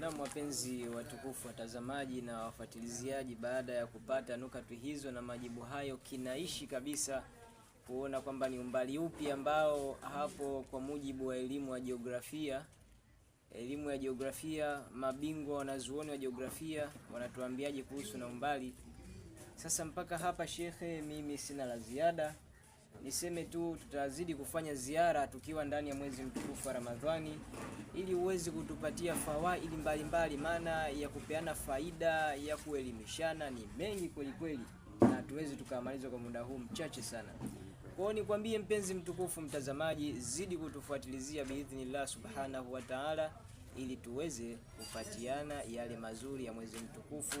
Naam, wapenzi watukufu watazamaji na wafuatiliziaji, baada ya kupata nukatu hizo na majibu hayo kinaishi kabisa kuona kwamba ni umbali upi ambao hapo kwa mujibu wa elimu ya jiografia elimu ya jiografia, mabingwa wanazuoni wa jiografia wanatuambiaje kuhusu na umbali. Sasa mpaka hapa shekhe, mimi sina la ziada. Niseme tu tutazidi kufanya ziara tukiwa ndani ya mwezi mtukufu wa Ramadhani ili uweze kutupatia fawaidi mbalimbali, maana ya kupeana faida ya kuelimishana ni mengi kweli kweli, na tuweze tukamaliza kwa muda huu mchache sana. kwao nikwambie mpenzi mtukufu mtazamaji, zidi kutufuatilizia biidhnillah subhanahu wa taala, ili tuweze kupatiana yale mazuri ya mwezi mtukufu